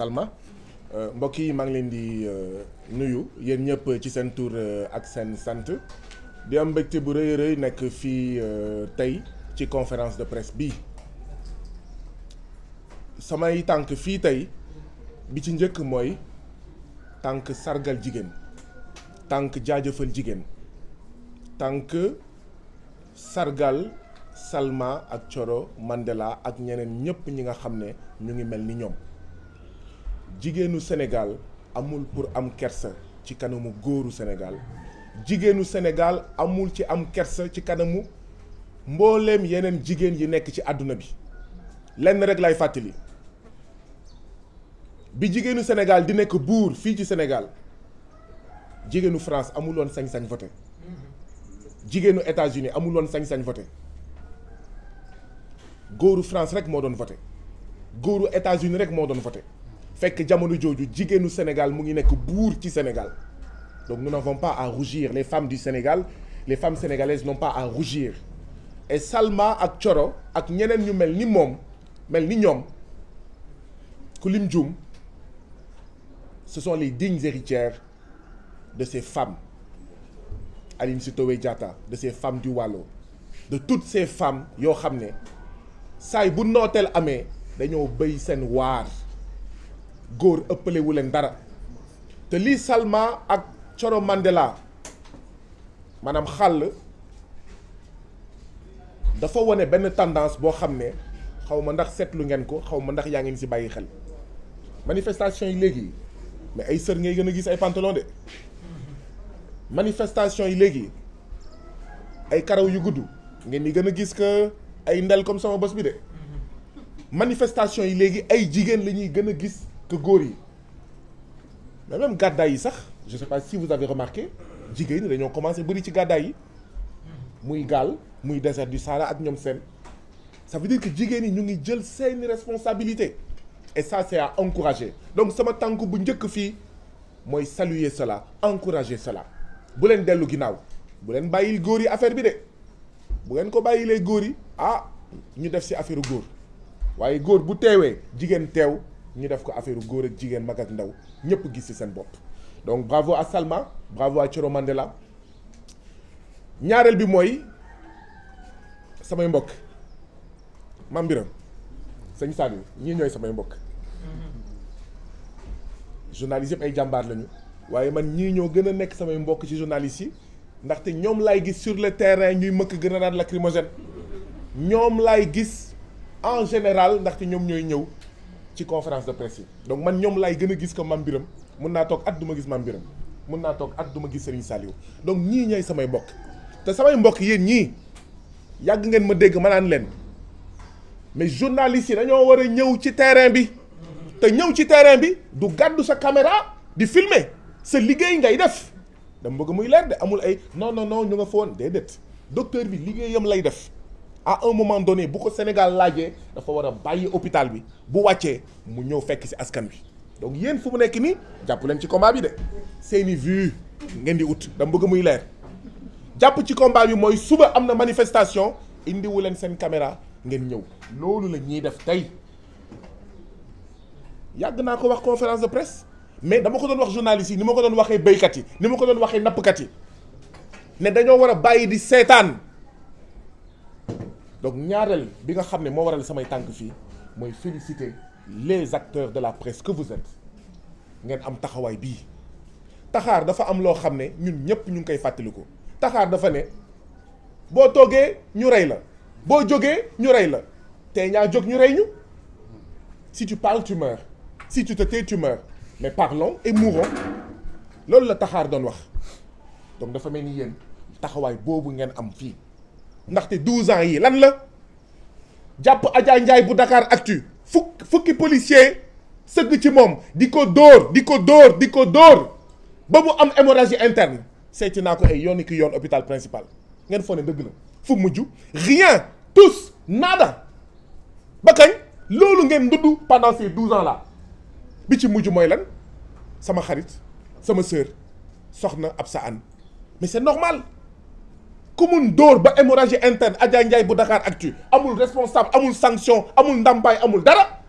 Salma euh, mbokk yi maa leen di euh, nuyu yéen ñëpp ci seen tour euh, ak seen sant di am mbégte bu rëy rëy nekk fii tey ci conférence de presse bi samay tànk fii tey bi ci njëkk mooy tànk sargal jigéen tànk jaajëfal jigéen tànk sargal Salma ak Coro Mandela ak ñeneen ñëpp ñi nga xam ne ñu ngi mel ni ñoom jigéenu Sénégal amul pour am kersa ci kanamu góoru Sénégal jigéenu Sénégal amul ci am kersa ci kanamu mbooleem yeneen jigéen yi nekk ci àdduna bi lenn rek lay fàttali bi jigéenu Sénégal di nekk buur fii ci Sénégal jigéenu France amul woon sañ-sañ voté jigéenu États-Unis amul woon sañ-sañ voté góoru France rek moo doon voté góoru États-Unis rek moo doon voté fekk jamono jooju jigéenu Sénégal mu ngi nekk buur ci Sénégal donc nous n'avons pas à rougir les femmes du Sénégal les femmes sénégalaises n'ont pas à rougir et Salma ak Coro ak ñeneen ñu mel ni moom mel ni ñoom ku lim jum ce sont les dignes héritières de ces femmes Aline Sitoé Diatta de ces femmes du Wallo de toutes ces femmes yoo xam ne saay bu nooteel amee dañoo béy seen waar góor ëppalewu leen dara te lii Salma ak Coro Mandela maanaam xàll dafa wane benn tendance boo xam ne xaw ma ndax seetlu ngeen ko xaw ma ndax yaa ngeen si bàyyi xel manifestation yi léegi mais ay sër ngay gën a gis ay pantalon de manifestation yi léegi ay karaw yu gudd ngeen di gën a gis que ay ndel comme sama bos bi de manifestation yi léegi ay jigéen la ñuy gën a gis que góor yi mais même gàddaay yi sax je sais pas si vous avez remarqué jigéen ñi dañoo commencé bëri ci gàddaay yi muy gaal muy désert du Sahara ak ñoom seen ça veut dire que jigéen yi ñu ngi jël seeni responsabilité et ça c'est à encourager donc sama tànk bu njëkk fii mooy saluer cela encourager cela bu leen dellu ginnaaw bu leen bàyyil góor yi affaire bi de bu ngeen ko bàyyilee góor yi ah ñu def ci affaire góor waaye góor bu teewee jigéen teew ñu def ko affaire góor ak jigéen mag ak ndaw ñëpp gis ci seen bopp donc bravo à Salma bravo à Coro Mandela ñaareel bi mooy samay mbokk Mame Birame sëñ Saliou ñii ñooy samay mbokk journalistes yëpp ay jàmbaar lañu waaye man ñii ñoo gën a nekk samay mbokk ci journalistes yi ndaxte ñoom laay gis sur le terrain ñuy mëkk grenade lacrymogène ñoom laay gis en général ndaxte ñoom ñooy ñëw ci conférence de presse yi donc man ñoom laay gën a gis ko Mame Birame mun naa toog at duma ma gis Mame Birame mun naa toog at du gis Serigne Saliou donc ñii ñooy samay mbokk te samay mbokk yéen ñii yàgg ngeen ma dégg ma naan leen mais journalistes yi dañoo war a ñëw ci terrain bi te ñëw ci terrain bi du gàddu sa caméra di filmer sa liggéey ngay def dama bëgg muy leer de amul ay non non non ñu nga fa woon déedéet docteur bi liggéeyam lay def. à un moment donné bu ko Sénégal laajee dafa war a bàyyi hôpital bi bu wàccee mu ñëw fekk ci askan wi donc yéen fu mu nekk nii jàpp leen ci combat bi de seeni vues ngeen di wut dama bëgg muy leer jàpp ci combat bi mooy suba am na manifestation indiwu leen seen caméra ngeen ñëw loolu la ñuy def tey yàgg naa ko wax conférence de presse mais dama ko doon wax journaliste yi ni ma ko doon waxee béykat yi ni ma ko doon waxee nappkat yi ne dañoo war a bàyyi di seetaan. donc ñaareel bi nga xam ne moo waral samay tànk fii mooy féliciter les acteurs de la presque que vous êtes ngeen am taxawaay bii taxaar dafa am loo xam ne ñun ñëpp ñu ngi koy fàttaliku taxaar dafa ne boo toogee ñu rey la boo jógee ñu rey la tey ñaa jóg ñu rey ñu si tu parles tu si tu te tais mais parlons et mourons loolu la taxaar doon wax donc dafa mel ni yéen taxawaay boobu ngeen am fii ndaxte 12 ans yi lan la jàpp Adja Ndiaye bu Dakar Actu fukk fukki policier sëgg ci moom di ko dóor di ko dóor di ko dóor ba mu am hémorragie interne seeti naa ko ay yoon ki yoon hôpital principal ngeen foog ne dëgg la fu mujju rien tous nada ba kañ loolu ngeen dudd pendant ces 12 ans là bi ci mujj mooy lan sama xarit sama sœur soxna ab sa an mais c'est normal ku mun dóor ba hémorragie interne Adja Ndiaye bu Dakar Actu amul responsable amul sanction amul ndàmpaay amul dara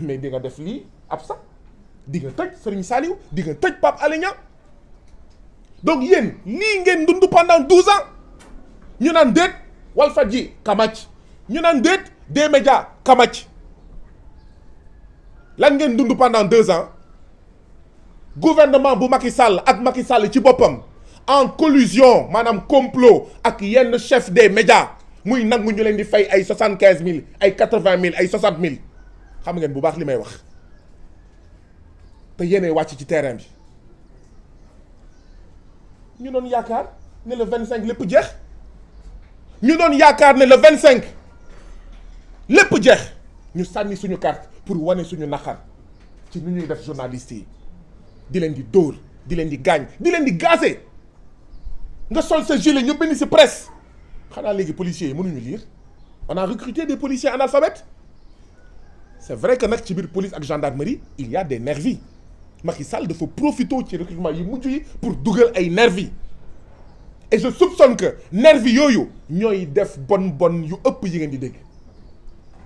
mais di nga def lii ab sax di nga tëj Serigne Saliou di nga tëj Pape Alé Niang donc yéen lii ngeen dund pendant douze ans ñu naan déet Walfadji kamac ñu naan déet des médias kamac lan ngeen dund pendant deux ans gouvernement bu Macky Sall ak Macky Sall ci boppam en collusion maanaam complot ak yenn chef des médias muy nangu ñu leen di fay ay soixante quinze mille ay quatre vingt mille ay soixante mille xam ngeen bu baax li may wax te yéenay wàcc ci terrain bi ñu doon yaakaar ne le vingt cinq lépp jeex ñu doon yaakaar ne le vingt cinq lépp jeex ñu sànni suñu carte pour wane suñu naqar ci nu ñuy def journaliste yi di leen di dóor di leen di gaañ di leen di gaase nga sol sa gilet ñu bind si presse xanaa léegi policier yi mënuñu lire on a recruté des policiers analphabètes c'est vrai que nag ci biir police ak gendarmerie il y a des nervis Macky Sall dafa profitoo ci recrutement yi mujj yi pour dugal ay nervis et je soupçonne que nervis yooyu ñooy def bon bon yu ëpp yi ngeen di dégg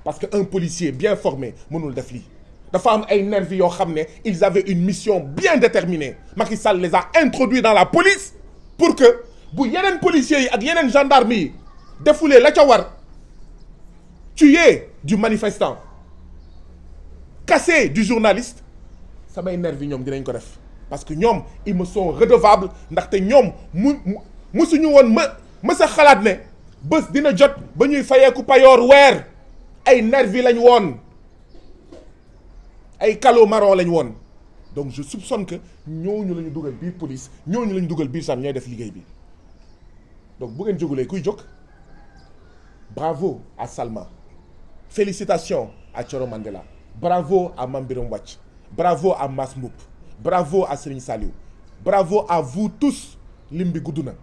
parce que un policier bien formé mënul def lii dafa am ay nervis yoo xam ne ils avaient une mission bien déterminée Macky Sall les a introduits dans la police pour que bu yeneen policiers yi ak yeneen gendarme yi defulee la ca war tuer du manifestant casser du journaliste samay nervi ñoom dinañ ko def parce que ñoom ils me sont redevables ndaxte ñoom mu musuñu woon ma mësa xalaat ne bés dina jot ba ñuy fayeeku payoor weer ay nervi lañ woon ay calo marron lañ woon donc je soupçonne que ñooñu la ñu dugal biir police ñooñu la ñu dugal bii sànni ñooy def liggéey bi. donc bu ngeen jógulee kuy jóg bravo à Salma félicitations à Thioro Mandela bravo à Mame Birame Wathie bravo à Mass Mboup bravo à Serigne Saliou bravo à vous tous lim bi gudd na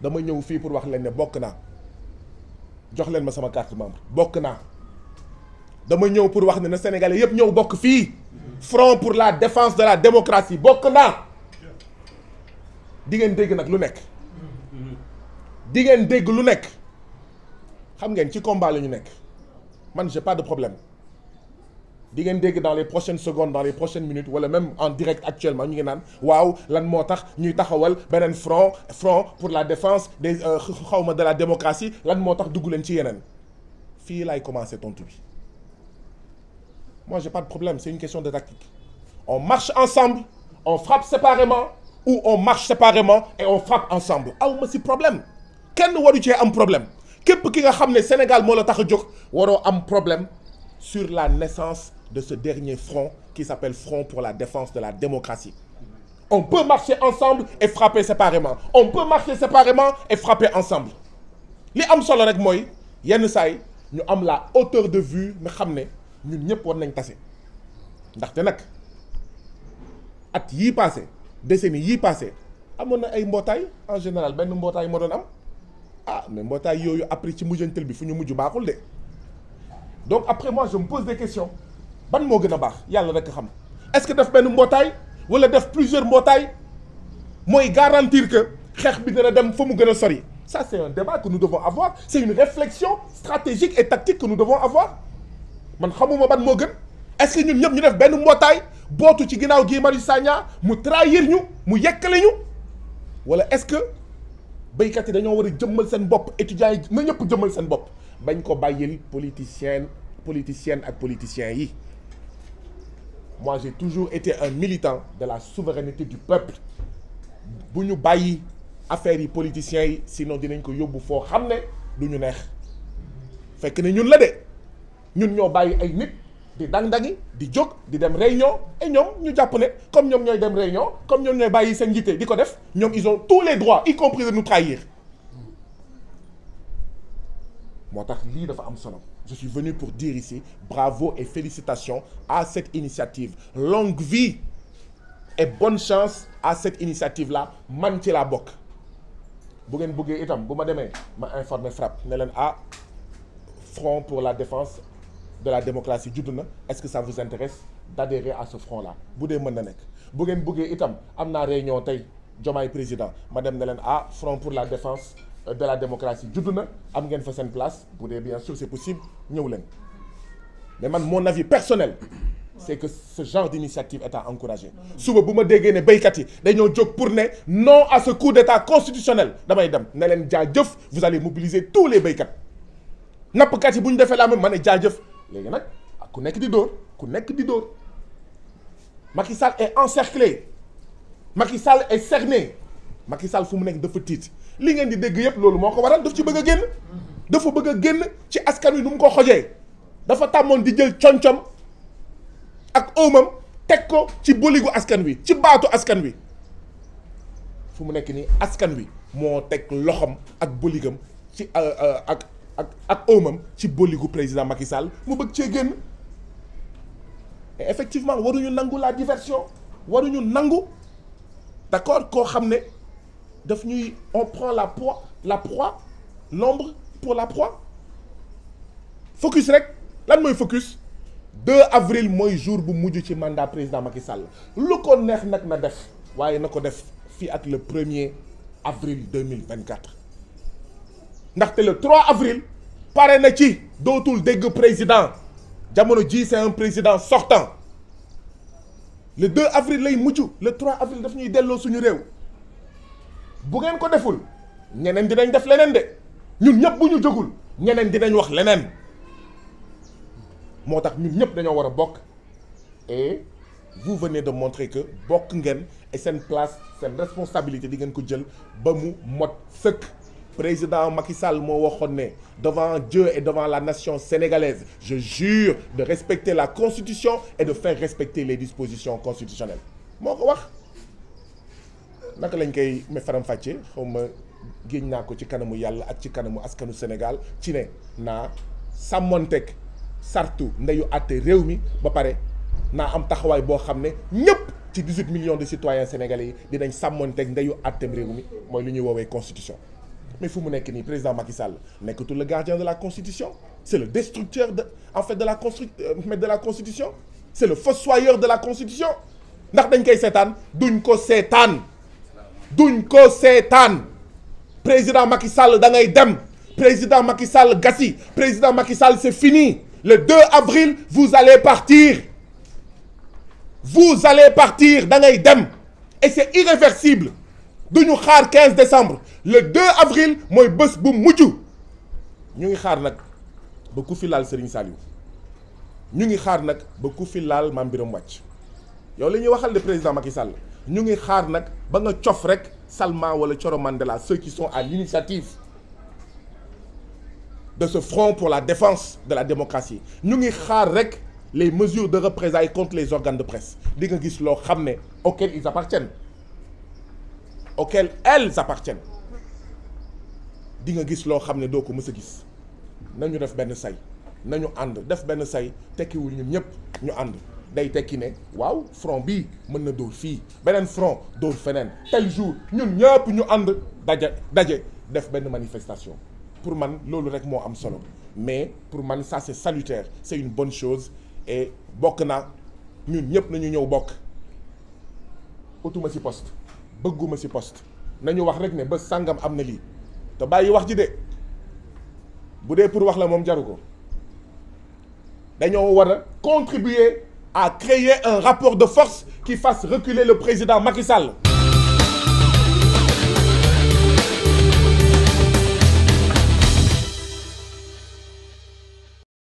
dama ñëw fii pour wax leen ne bokk naa jox leen ma sama carte membre bokk naa dama ñëw pour wax ne na Sénégalais yëpp ñëw bokk fii front pour la défense de la démocratie bokk naa di ngeen dégg nag lu nekk. di ngeen dégg lu nekk xam ngeen ci combat la ñu nekk man je pas de problème di ngeen dégg dans les prochaines secondes dans les prochaines minutes wala même en direct actuellement ñu ngi naan waaw lan moo tax ñuy taxawal beneen front front pour la défence des euh, xawma de la démocratie lan moo tax dugg leen ci yeneen fii laay commencer tontu bi moi j'ai pas de problème c'est une question de tactique on marche ensemble on frappe séparément ou on marche séparément et on frappe ensemble aw ma si problème kenn waru cee am problème képp ki nga xam ne Sénégal moo la tax a jóg waroo am problème sur la naissance de ce dernier front qui s'appelle Front pour la défense de la démocratie on peut marcher ensemble et frapper séparément on peut marcher séparément et frapper ensemble li am solo rek mooy yenn saay ñu am la hauteur de vue nga xam ne ñun ñëpp war nañ tase ndaxte nag at yii passé décennie yii passé amoon na ay mbootaay en général benn mbootaay moo doon am ah mais mbootaay yooyu après ci mujjantal bi fu ñu mujj baaxul de donc après moi je me pose des questions ban moo gën a baax yàlla rek xam est-ce que def benn mbootaay wala def plusieurs mbootaay mooy garantir que xeex bi dina dem fa mu gën a sori ça c'est un débat que nous devons avoir c'est une réflexion stratégique et tactique que nous devons avoir man xamuma ban moo gën est que ñun ñëpp ñu def benn mbootaay bootu ci ginnaaw Guy Marius Sagna mu trahir ñu mu yekkale ñu wala est-ce que béykat yi dañoo war a jëmmal seen bopp étudiants yi na ñëpp jëmmal seen bopp bañ ko bàyyil politicien politicienne ak politiciens yi moi j'ai toujours été un militant de la souveraineté du peuple bu ñu bàyyi affaires yi politiciens yi sinon dinañ ko yóbbu foo xam ne du ñu neex fekk ne ñun la de ñun ñoo bàyyi ay nit di dang-dangi di jóg di dem réunion et ñoom ñu jàpp ne comme ñoom ñooy dem réunion comme ñoom ñooy bàyyi seen njiité di ko def ñoom ils ont tous les droits y compris de nous trahir moo tax lii dafa am solo je suis venu pour dire ici bravo et félicitations à cette initiative longue vie et bonne chance à cette initiative la man ci laa bokk bu ngeen bëggee itam bu ma demee ma informer FRAPP ne leen a ah, front pour la défense de la démocratie judd na est-ce que ça vous intéresse d'adhérer à ce front-là bu dee mën na nekk bu ngeen bëggee itam am naa réunion tey Diomaye président ma dem na leen ah front pour la défense euh, de la démocratie judd na am ngeen fa seen place bu dee bien sûr c'est possible ñëw leen mais man mon avis personnel c'est que ce genre d'initiative est à encourager suba bu ma déggee ne béykat yi dañoo jóg pour ne non à ce coup d'état constitutionnel damay dem ne leen jaajëf vous allez mobiliser tous les béykat nappkat yi bu ñu defee la même ma ne jaajëf léegi nag ku nekk di dóor ku nekk di dóor Macky Sall est encerclé Macky Sall est cerné Sall fu mu nekk dafa tiit li ngeen di dégg yëpp loolu moo ko waral daf ci bëgg a génn dafa bëgg a génn ci askan wi nu mu ko xojee dafa tàmmoon di jël concom ak oomam teg ko ci boligu askan wi ci baatu askan wi fu mu nekk nii askan wi moo teg loxom ak boligam ci euh, euh, ak ak ak omam ci bolligu président Macky Sall mu bëgg cee génn effectivement waruñu nangu la diversion waruñu nangu d'accord koo xam ne def ñuy on prend la proie la proie l'ombre pour la proie focus rek lan mooy focus 2 avril mooy jour bu mujj ci mandat président Macky Sall lu ko neex nag na def waaye na ko def fii ak le premier avril 2024 ndaxte le 3 avril pare na ci dootul dégg président jamono ji c'est un président sortant le 2 avril lay mujj le trois avril daf ñuy delloo suñu réew bu ngeen ko deful ñeneen dinañ def leneen de ñun ñëpp bu ñu jógul ñeneen dinañ wax leneen moo tax ñun ñëpp dañoo war a bokk et vous de montrer que bokk ngeen et seen place seen responsabilité di ngeen ko jël ba mu mot sëkk. président Macky Sall moo waxoon ne devant Dieu et devant la nation sénégalaise je jure de respecter la constitution et de faire respecter les dispositions constitutionnelles moo ko wax naka lañ koy me faram-fàccee xaw ma génn naa ko ci kanamu yàlla ak ci kanamu askanu Sénégal ci ne naa sàmmonteeg sartu ndeyu àtte réew mi ba pare naa am taxawaay boo xam ne ñëpp ci 18 millions de citoyens sénégalais dinañ sàmmonteeg ndeyu àtteem réew mi mooy lu ñuy woowee constitution mais fu mu nekk nii président Macky Sall nekkatul le gardien de la constitution c'est le destructeur de en fait de la constru euh, mais de la constitution c'est le fossoyeur de la constitution ndax dañ koy seetaan duñ ko seetaan duñ ko seetaan président Macky Sall da ngay dem président Macky Sall gasi président Macky Sall c'est fini le 2 avril vous allez partir vous allez partir da ngay dem et c'est irréversible ñu xaar 15 décembre le 2 avril mooy bés bu mujj ñu ngi xaar nag ba ku fi laal Serigne Saliou ñu ngi xaar nag ba ku fi laal Mame Birame Wathie yow la ñuy waxal le président Macky Sall ñu ngi xaar nag ba nga cof rek Salman wala Thioro Mandela ceux qui sont à l'initiative de ce front pour la défense de la démocratie ñu ngi xaar rek les mesures de représailles contre les organes de presse di nga gis loo xam ne auxquels ils appartiennent auxquelles elles appartiennent di nga gis loo xam ne doo ko mës a gis nañu def benn say nañu ànd def benn say tekkiwul ñun ñëpp ñu ànd day tekki ne waaw front bi mën na dóor fii beneen front dóor feneen tel jour ñun ñëpp ñu ànd daje daje def benn manifestation pour man loolu rek moo am solo mais pour man ça c'est salutaire c'est une bonne chose et bokk naa ñun ñëpp nañu ñëw bokk utuma post poste bëgguma ci poste nañu wax rek ne ba sàngam am na lii te bàyyi wax ji de bu dee pour wax la moom jaru ko dañoo war a contribuer à créer un rapport de force qui fasse reculer le président Macky Sall